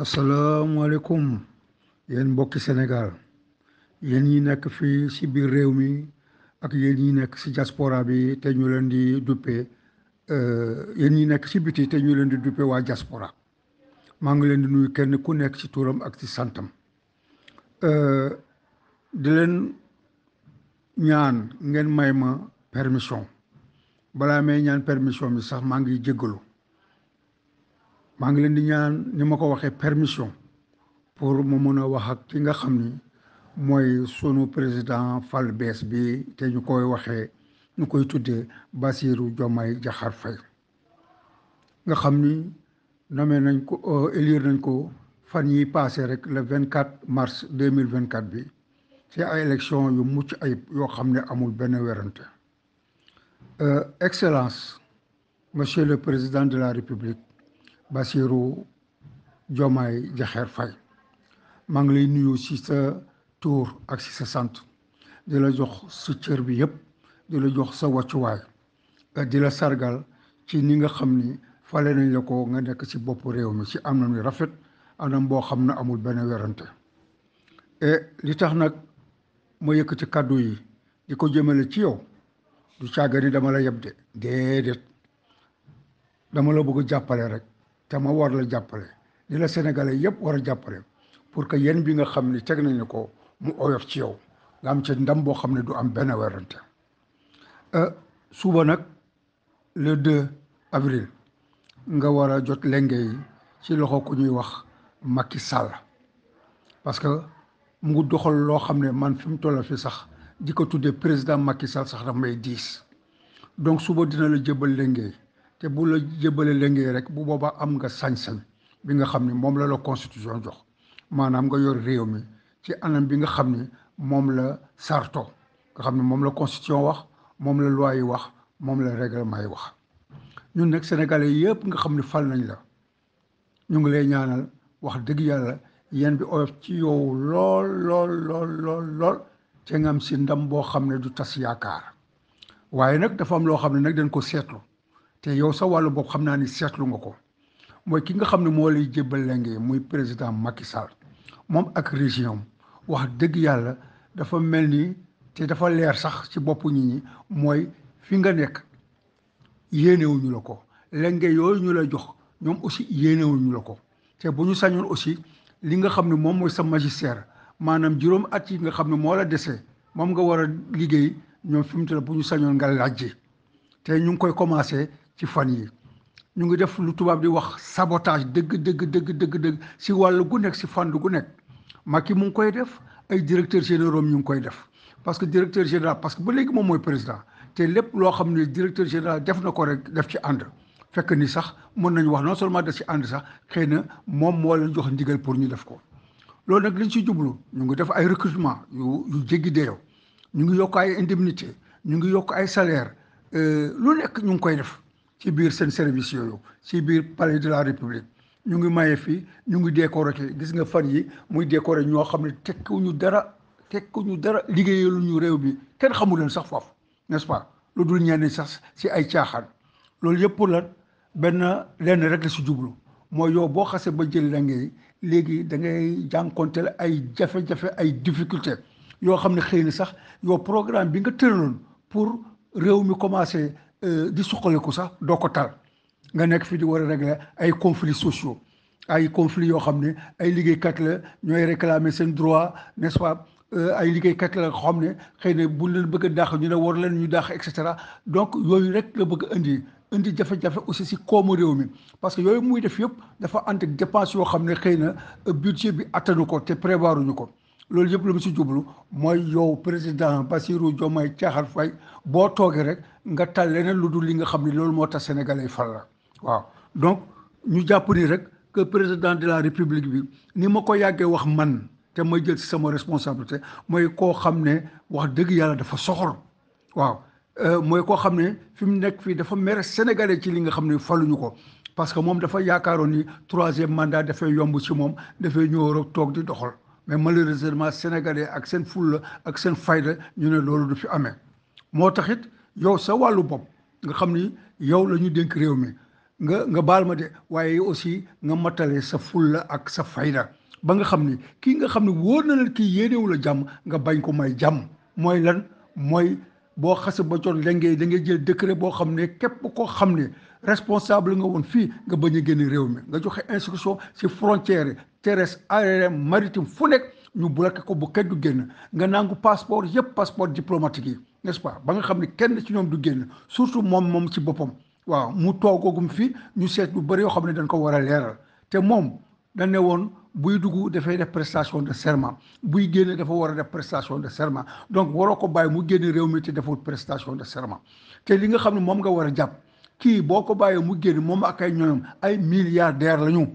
asalaamaaleykum yéen mbokki Sénégal yéen ñi nekk fii ci biir réew mi ak yéen ñi nekk ci diaspora bi te ñu leen di duppe euh, yéen ñi nekk ci biti te ñu leen di duppe waa jaspora maa ngi leen di nuyu kenn ku nekk ci tuuram ak si santam euh, di leen ñaan ngeen may ma permission balaa may ñaan permission bi sax maa ngi jéggalu maa ngi leen di ñaan ni ma ko waxee permission pour mu mën a wax ak ki nga xam ni mooy sunu président Fall bees bi te ñu koy waxee ñu koy tuddee Basirou Diomaye Diakhar Faye nga xam ni nommé nañ ko euh, élire nañ ko fan yi passé rek le 24 mars 2024. bi ci ay élection yu mucc ayib yoo xam ne amul benn werante euh, excellence monsieur le président de la république Bassirou jomaay jaxeer Faye maa ngi lay nuyu ci sa tuur ak ci sa sant di la jox sa cër bi yëpp di la jox sa wàccuwaay euh, di la sargal ci ni nga xam ni fale nañ la ko nga nekk ci bopp réew mi ci am na mi rafet anam boo xam ne amul benn werante li tax nag ma yëkkati kàddu yi di ko jëmale ci yow du càgga ni dama la yeb de déedéet dama la bugg jàppale rek te ma war la jàppale li la sénégalais yëpp war a jàppale pour que yéen bi nga xam ni teg nañu ko mu oyof ci yow nga am ci ndam boo xam ne du am benn werante euh, suba nag le 2 avril nga war a jot lenge yi ci loxo ku ñuy wax Macky Sall parce que mu doxal loo xam ne man fi mu toll fi sax di ko tuddee président Macky Sall sax daf may diis donc suba dina la jëbal lenge te bu la jëbale lëngee rek bu boobaa am nga sañ-sañ bi nga xam ne moom la la constitution jox maanaam nga yor réew mi ci anam bi nga xam ni moom la sarto nga xam ne moom la constitution wax moom la loi yi wax moom la règlement yi wax ñun nag sénégalais yëpp nga xam ni fal nañ la ñu ngi lay ñaanal wax dëgg yàlla yéen di oyof ci yow lool lool lool lool lool te nga am si ndam boo xam ne du tas yaakaar waaye nag dafa am loo xam ne nag dañ ko seetlu te yow sa wàllu bopp xam naa ni seetlu nga ko mooy ki nga xam ne moo lay jébbal lenge muy président Macky Sall moom ak région wax dëgg yàlla dafa mel ni te dafa leer sax ci bopp nit ñi mooy fi nga nekk yéenewuñu la ko lenge yooyu ñu la jox ñoom aussi yéenewuñu la ko te bu ñu sañoon aussi li nga xam ne moom mooy sa magistère maanaam juróom at yi nga xam ne moo la desee moom nga war a liggéey ñoom fi mu toll bu ñu sañoon nga laaj ji te ñu ngi koy commencé ci fan yi ñu ngi def lu tubaab di wax sabotage dëgg dëgg dëgg dëgg dëgg si wàllu gu nekk si fànn gu nekk Macky mu ngi koy def ay directeurs généraux ñu ngi koy def parce que directeur général parce que ba léegi moom mooy président te lépp loo xam ne directeur général def na ko rek def ci ànd fekk ni sax mën nañ wax non seulement def ci ànd sax xëy na moom moo leen jox ndigal pour ñu def ko loolu nag liñ ci jublu ñu ngi def ay recrutement yu yu jéggi dayoo ñu ngi yokk ay indemnité ñu ngi yokk ay salaire euh, lu nekk ñu ngi koy def ci biir seen service yooyu ci biir palais de la république ñu ngi mayee fii ñu ngi décorer gis nga fan yi muy décorer ñoo xam ne tekkuñu dara tekkuñu dara liggéeyalu ñu réew bi kenn xamu sax foofu n'est-ce lu dul ñenn sax si ay caaxaan loolu yëpp la benn lenn rek si jublu mooy yow boo xasee ba jël la léegi da ngay jànkonteel ay jafe-jafe ay difficulté yoo xam ne xëy na sax yow programme bi nga tëraloon pour réew mi commencé Euh, di suqaliku sax doo ko tal nga nekk fi di war a régler ay conflits sociaux ay conflits yoo xam ne ay liggéeykat la ñooy réclamer seen droit n'est-ce pas euh, ay liggéeykat la xam ne xëy na bu leen bëgg a dàq ñu ne war leen ñu dàq et cetera donc yooyu rek la bëgg indi indi jafe-jafe aussi si koomu réew mi parce que yooyu muy def yëpp dafa ànd ak dépense yoo xam ne xëy na budget bi attanu ko te prévoiruñu ko loolu yëpp lu mu si jublu mooy yow président Bassirou Diomaye Diakhar Faye boo toogee rek nga tal leneen lu dul li nga xam ne loolu moo tax sénégalais yi fal la waaw donc ñu jàpp ni rek que président de la république bi ni ma ko yàggee wax man te ma jël ci sama responsabilité mooy koo xam ne wax dëgg yàlla dafa soxor waaw euh, mooy koo xam ne fi mu nekk fii dafa mere sénégalais ci li nga xam ne faluñu ko parce que moom dafa yaakaaroon ni troisième mandat dafay yomb ci moom dafay ñëw rek toog di doxal mais malheureusement sénégalais ak seen fulla ak seen fayda ñu ne loolu du fi amee moo tax it yow sa wàllu bopp nga xam ni yow la ñu dénk réew mi nga nga baal ma de waaye aussi nga matale sa fulla ak sa fayda ba nga xam ni kii nga xam ne wóor na la kii yéenewu a jàmm nga bañ ko may jàmm mooy lan mooy boo xase ba jot léegi da ngay jël décret boo xam ne képp koo xam ne responsable nga woon fii nga bañ a génn réew mi nga joxe instruction ci frontière terrestre aérien maritime fu nekk ñu bloqué ko bu kenn du génn nga nangu passeport yëpp passeport diplomatique yi n'est-ce pas ba nga xam ni kenn ci ñoom du génn surtout moom moom ci boppam waaw mu toogoogum fii ñu seet lu bëri yoo xam ne dañ ko war a leeral te moom dañ ne woon buy dugg dafay def prestation de serment buy génne dafa war a de prestation de serment donc waroo ko bàyyi mu génne réew mi te deful prestation de serment te li nga xam ne moom nga war a jàpp kii boo ko bàyyee mu génn moom ak ay ñoom ay milliardaire la ñu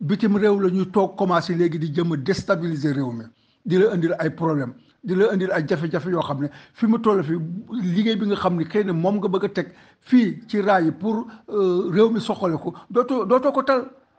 bitim réew la ñuy toog commencé léegi di jëm a réew mi di la indil ay problème di la indil ay jafe-jafe yoo xam ne fi mu toll fi liggéey bi nga xam ni xëy na moom nga bëgg a teg fii ci raay yi pour euh, réew mi soxole ko dootoo dootoo ko tal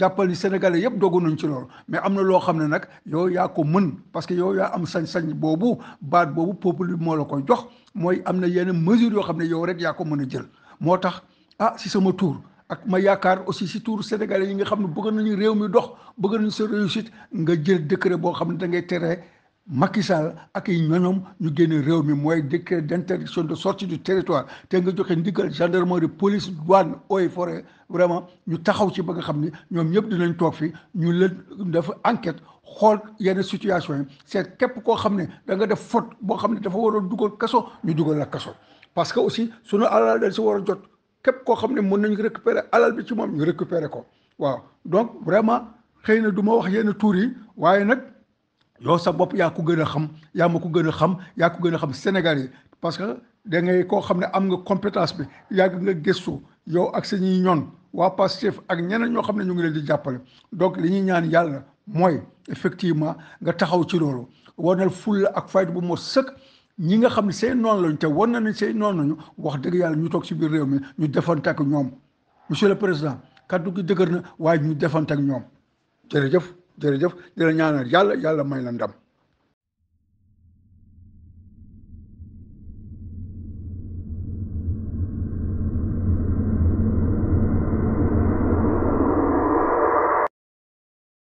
jàppal ni sénégalais yëpp dogu nañ ci loolu mais am na loo xam ne nag yow yaa ko mën parce que yow yaa am sañ-sañ boobu baat boobu peuple bi moo la ko jox mooy am na yenn mesures yoo xam ne yow rek yaa ko mën a jël moo tax ah si sama tour ak ma yaakaar aussi si tour sénégalais yi nga xam ne bëgg nañu réew mi dox bëgg nañu sa réussite nga jël décret boo xam ne da ngay tere Macky Sall ak yi ñoñom ñu génne réew mi mooy décret d'interdiction de sortie du territoire te nga joxe ndigal gendarmerie police douane eaux et forêt vraiment ñu taxaw ci bëgg nga xam ni ñoom ñëpp dinañ toog fi ñu leen def enquête xool yenn situation yi c'est képp koo xam ne da nga def faute boo xam ne dafa waroon dugal kaso ñu dugal la kaso parce que aussi sunu alal dañ si war a jot képp koo xam ne mën nañu récupérer alal bi ci moom ñu récupérer ko waaw donc vraiment xëy na du ma wax yenn tuur yi waaye nag yow sa bopp yaa ko gën a xam yaa ma ko gën a xam yaa ko gën a xam Sénégal yi parce que da ngay koo xam ne am nga compétence bi yàgg nga gëstu yow ak sa ñuy ñoon waa Pastef ak ñeneen ñoo xam ne ñu ngi leen di jàppale donc li ñuy ñaan yàlla mooy effectivement nga taxaw ci loolu warnal fulla ak fayda bu moo sëkk ñi nga xam ne non noonu lañu te war na nañ say noonu lañu wax dëgg yàlla ñu toog ci biir réew mi ñu defante ak ñoom monsieur le président kaddu gi dëgër na waaye ñu defante ak ñoom jërëjëf jërëjëf di la ñaanal yàlla yàlla may la ndam.